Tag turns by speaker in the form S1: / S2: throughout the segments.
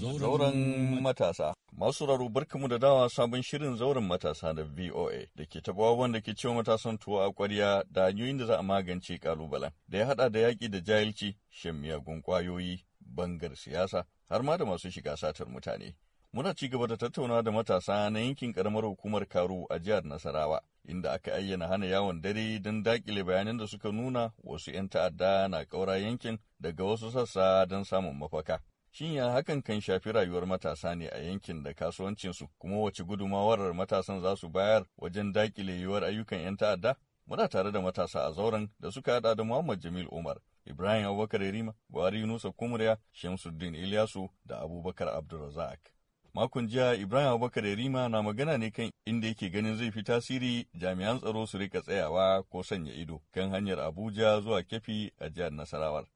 S1: Zauren matasa. Masu raro barkamu da dawa sabon shirin zauren matasa da VOA da ke taɓa wanda ke cewa matasan tuwo a ƙwarya da hanyoyin da za a magance ƙalubalen da ya haɗa da yaƙi da jahilci, shan miyagun ƙwayoyi, bangar siyasa, har ma da masu shiga satar mutane. Muna ci gaba da tattauna da matasa na yankin ƙaramar hukumar Karo a jihar Nasarawa, inda aka ayyana hana yawon dare don daƙile bayanan da suka nuna wasu 'yan ta'adda na ƙaura yankin daga wasu sassa don samun mafaka. Shin ya hakan kan shafi rayuwar matasa ne a yankin da kasuwancinsu kuma wace gudumawar matasan za su bayar wajen dakile yiwuwar ayyukan 'yan ta'adda? Muna tare da matasa a zauren da suka hada da Muhammad Jamil Umar, Ibrahim Abubakar Yarima, Buhari Yunusa Kumriya, Shamsuddin Ilyasu da Abubakar Abdulrazak. Makon jiya Ibrahim Abubakar Yarima na magana ne kan inda yake ganin zai fi tasiri jami'an tsaro su rika tsayawa ko sanya ido kan hanyar Abuja zuwa Kefi a jihar Nasarawar.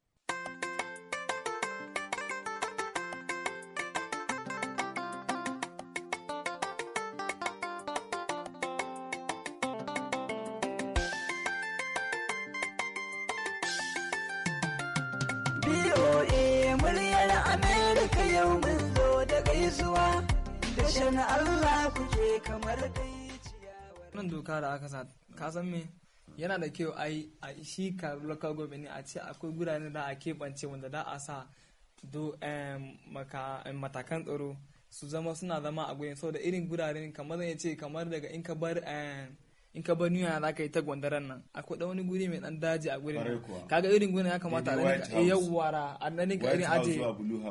S2: yau mun zo da gaisuwa da shan Allah kuke kamar dai Wannan doka da aka sa ka san me yana da kyau ai a shi ka local government a ce akwai gurare da a keɓance wanda da a sa do matakan tsaro su zama suna zama a gurin saboda irin gurare kamar zan ce kamar daga in ka bar in ka bar nuna za ka yi ta gwandaran nan akwai da wani guri mai dan daji a gurin kaga irin gurin ya kamata a yawwara a nan ka irin aje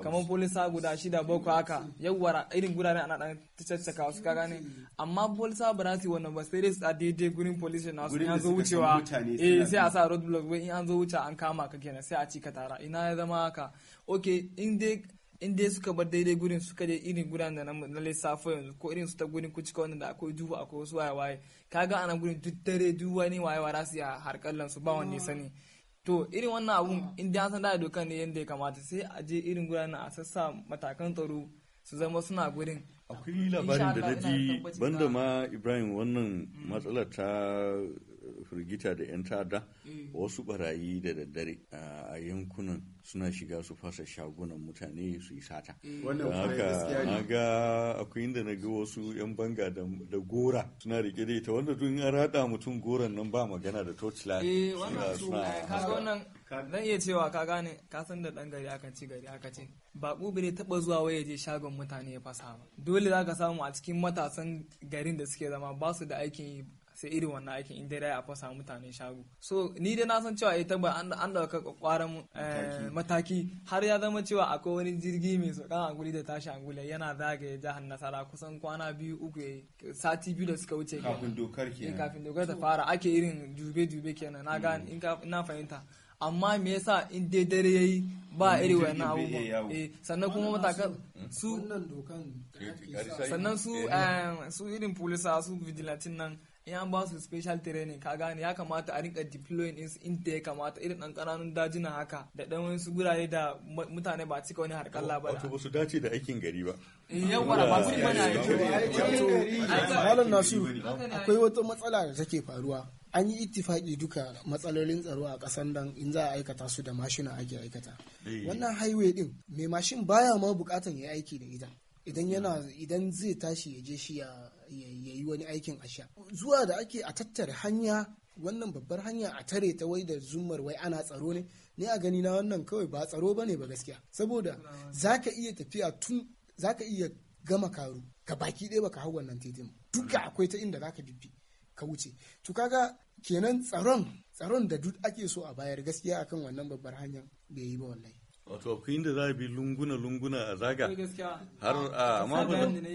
S2: kamar polisa guda shida boko haka yawwara irin gurare ana dan tattaka wasu kaga ne amma polisa ba su wannan ba sai dai a daidai gurin police na su an zo wucewa eh sai a sa road block wai in an zo wuce an kama ka kenan sai a ci ka tara ina ya zama haka okay in dai in dai suka bar daidai gurin suka je irin guran da na lissafo yanzu ko irin su ta gurin kucika wanda da akwai duhu akwai wasu waye waye kaga ana gurin duk dare duk wani waye wa su ya harkallan su ba wanda ya mm. sani to irin wannan abun in dai an san da dokan ne yanda ya kamata sai a je irin guran a sassa matakan tsaro su zama suna gurin akwai labarin da ji banda ma
S1: ibrahim wannan mm. matsalar ta firgita da 'yan ta'adda wasu barayi da daddare a yankunan suna shiga su fasa shagunan mutane su yi sata. Wannan haka ga akwai inda na ga wasu 'yan banga da gora suna rike da ita wanda duk an rada mutum goran nan ba magana da torchlight. Eh wannan su wannan
S2: zan iya cewa ka gane ka san da dan gari aka ci gari aka ce ba bai taba zuwa waye je shagon mutane ya fasa ba dole zaka samu a cikin matasan garin da suke zama ba su da aikin yi sai irin wannan aikin in dai a fasa mutane shago so ni dai na san cewa ya eh taba an dauka kwaran eh, mataki har ya zama cewa akwai wani jirgi mai sokan anguli da tashi angulai yana zagaye jihar nasara kusan kwana biyu uku eh, sati biyu da suka wuce kafin dokar kenan kafin dokar ta fara ake irin jube-jube kenan na ga hmm. na fahimta amma me yasa in dai dare yayi ba iri wannan abubuwa sannan kuma matakan
S3: su hmm? sannan su
S2: su irin polisa su vigilantin nan in an ba su special training ka gane ya kamata a rinka deploying ins inda ya kamata irin dan kananun dajina haka da dan wasu gurare da mutane ba cika wani harkar ba ba
S1: su dace da aikin gari ba yawa ba su na aikin malam nasiru akwai wata
S3: matsala da take faruwa an yi ittifaki duka matsalolin tsaro a kasan nan in za a aikata su da mashina ake aikata eh. wannan highway din mai mashin baya ma bukatan ya aiki da ita idan yana idan zai tashi ya je shi ya yi wani aikin asha zuwa da ake a tattara hanya wannan babbar hanya a tare ta wai da zumar wai ana tsaro ne ni a gani na wannan kawai ba tsaro ba ne ba gaskiya saboda ka iya tafiya tun zaka iya gama karu ka baki ɗaya baka hau wannan titin duka akwai ta inda za ka bibbi ka wuce to kaga kenan tsaron tsaron da duk ake so a bayar gaskiya akan wannan babbar hanyar bai yi ba wallahi
S1: wato akwai da za a bi lunguna-lunguna a zaga eh, har a amma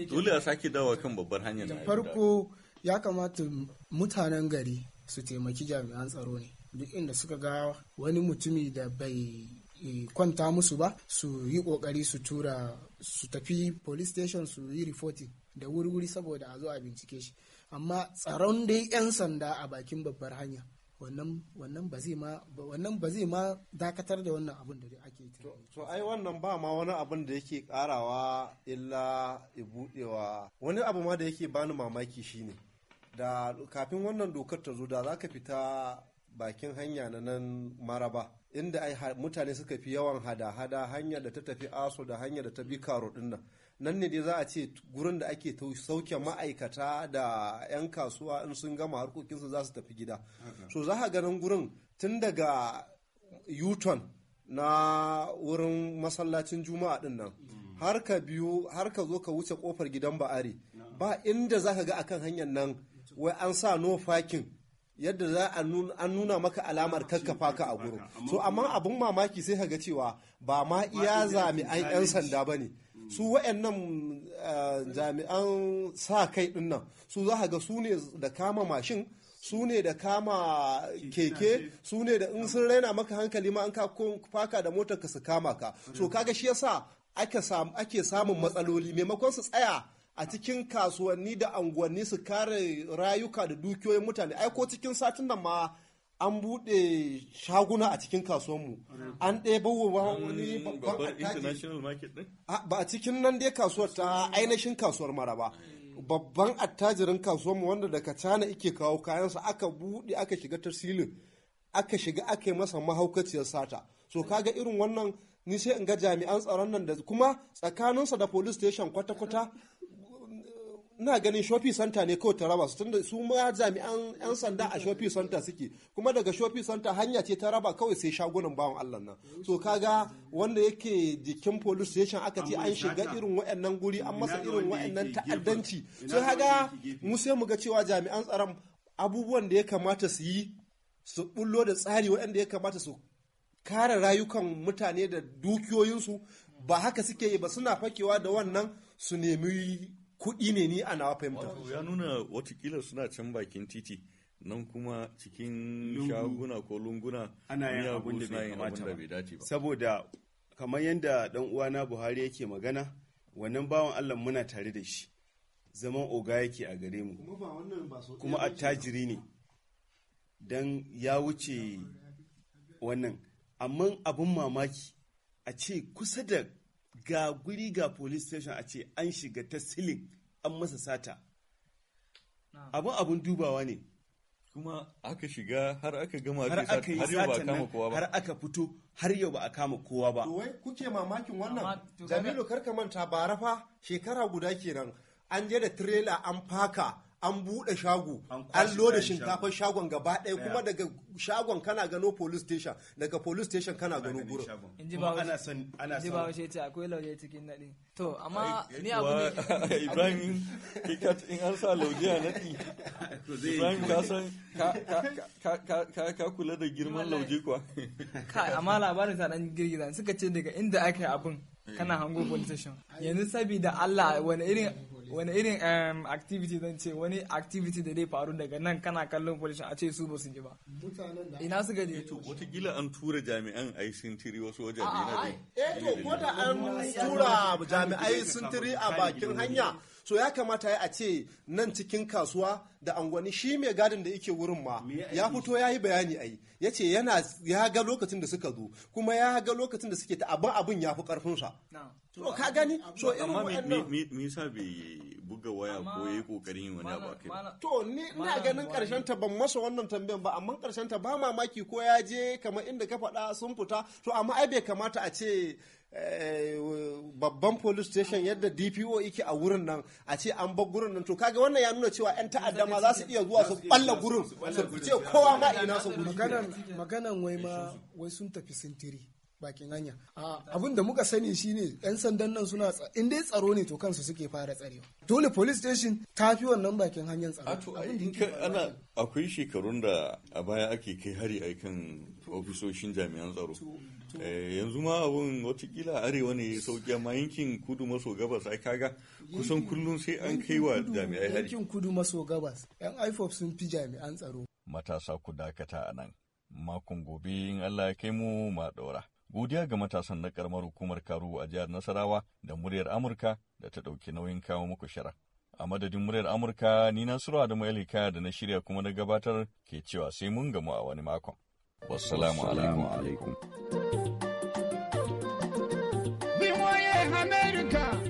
S1: dole a sake dawa kan babbar hanyar da farko
S3: ya kamata mutanen gari su taimaki jami'an tsaro ne duk inda suka ga wani mutumi da bai eh, kwanta musu ba su yi kokari su tura su tafi police station su yi reporting da wuri-wuri saboda a zo a bincike shi amma tsaron dai 'yan sanda a bakin babbar hanya wannan ba zai ma wannan ba ma dakatar da wannan abin da ake to
S4: to ai wannan ba ma wani abin da yake karawa illa ibudewa wani abu ma da yake bani mamaki shine da kafin wannan dokar ta zo da za ka fita bakin hanya na nan maraba inda ai mutane suka fi yawan hada-hada hanya da ta tafi aso da hanya da ta bi karo dinnan nan ne dai za a ce gurin da ake sauke ma'aikata da 'yan kasuwa in sun gama harkokinsu za su tafi gida so za a ganin gurin tun daga yuton na wurin masallacin juma'a din nan mm. har ka biyu har zo ka wuce kofar gidan ba'ari ba inda za ka ga akan hanyar nan wai an sa no fakin yadda za a nuna maka alamar kakkafa ka a gurin so amma abin mamaki sai ka ga cewa ba ma iya zami'an 'yan sanda ba ne su waɗannan eh, jami'an sa kai din nan su za ga su ne da kama mashin su ne da kama keke su ne da in sun raina maka hankali ma an ka faka da motar ka su kama ka so kaga shi yasa ake samun matsaloli maimakon su tsaya a cikin kasuwanni da anguwanni su kare rayuka da dukiyoyin mutane ai ko cikin satin nan ma an buɗe shaguna a cikin kasuwanmu an ɗebo wa wani babban ba a cikin nan dai kasuwar ta ainihin kasuwar mara ba babban attajirin kasuwanmu wanda daga cana ike kawo kayansa aka buɗe aka shiga tasirin aka shiga aka yi masa mahaukaciyar sata so kaga irin wannan ni sai in ga jami'an tsaron nan da kuma tsakaninsa da police station kwata-kwata ina ganin shopping center ne kawai ta raba su tunda su ma jami'an yan sanda a shopping santa suke kuma daga shopping santa hanya ce ta raba kawai sai shagunan bawan Allah nan so kaga wanda yake jikin police station aka ce an shiga irin waɗannan guri an masa irin waɗannan ta'addanci so kaga mu sai mu ga cewa jami'an tsaron abubuwan da ya kamata su yi su bullo da tsari waɗanda ya kamata su kare rayukan mutane da dukiyoyinsu ba haka suke yi ba suna fakewa da wannan su nemi kuɗi ne ni ana fahimta. ya nuna
S1: watakila suna can bakin titi nan kuma cikin shaguna ko lunguna ana yin abin da bai kamata ba. Saboda kamar yadda
S3: ɗan uwana Buhari yake magana wannan bawan Allah muna tare da shi zaman oga yake a gare mu
S4: kuma attajiri
S3: ne dan ya wuce wannan amma abin mamaki a ce kusa da ga guri ga police station a ce an shiga ta silin an masa sata abin abin dubawa ne
S1: kuma aka shiga har aka gama
S3: har aka yi satan har aka fito har yau ba a kama kowa ba to wai
S4: kuke mamakin wannan Jamilu karka manta fa shekara guda kenan an je da trailer an faka an buɗe shago an loda shinkafar shagon gaba ɗaya kuma daga shagon kana gano police station daga police station kana gano gurin in ji ba ana ana ba
S2: wace ce akwai lauje cikin nadi to amma ni abu ne Ibrahim ikat in an sa lauje a nadi Ibrahim ka san
S1: ka kula da girman lauje kuwa
S2: kai amma labarin sa dan girgiza suka ce daga inda aka yi abin kana eh. hango police station yanzu sabida Allah wani irin wani irin um, activity zan ce wani activity da zai faru daga nan kana kallon polishin a ce su ba su ji ba ina su gaje
S1: eh to wataƙila an tura jami'an ai sun tiri wasu wajen ne na
S4: eh ko da an tura jami'ai sun tiri a bakin hanya so ya kamata ya a ce nan cikin kasuwa da angwani shi mai gadin da yake wurin ma ya fito ya yi bayani ai ya ce yana ya ga lokacin da suka zo kuma ya ga lokacin da suke ta abin abin ya fi karfinsa to ka gani so irin wa'annan
S1: me yasa bai buga waya ko yayi kokarin yin wani abu kai
S4: to ni ina ganin karshen ta ban masa wannan tambayan ba amma karshen ta ba mamaki ko ya je kamar inda ka faɗa sun fita to amma ai bai kamata a ce Eh, babban police station yadda DPO yake a wurin nan a ce an bar gurin nan to kaga wannan ya nuna cewa 'yan ta'adda ma za su iya zuwa su balla gurin su ce kowa ma ina su gurin
S3: maganan wai ma wai sun tafi sintiri bakin hanya abin da muka sani shine yan sandan nan suna in dai tsaro ne to kansu suke fara tsarewa dole police station ta fi wannan bakin hanyar tsaro
S1: ana akwai shekarun da a baya ake kai hari aikan ofisoshin jami'an tsaro Eh, yanzu ma abun watakila arewa ne sauki amma yankin kudu maso gabas ai kaga kusan kullum sai an kai wa jami'ai hari
S3: yankin kudu maso gabas yan ifop sun fi jami'an tsaro
S1: matasa ku dakata a nan makon gobe in Allah ya kai mu ma daura godiya ga matasan na karamar hukumar Karu a jihar Nasarawa da muryar Amurka da ta ɗauki nauyin kawo muku shara a madadin muryar Amurka ni Nasiru Adamu Elika da na shirya kuma na gabatar ke cewa sai mun gamu a wani makon Wassalamu alaikum.
S4: America.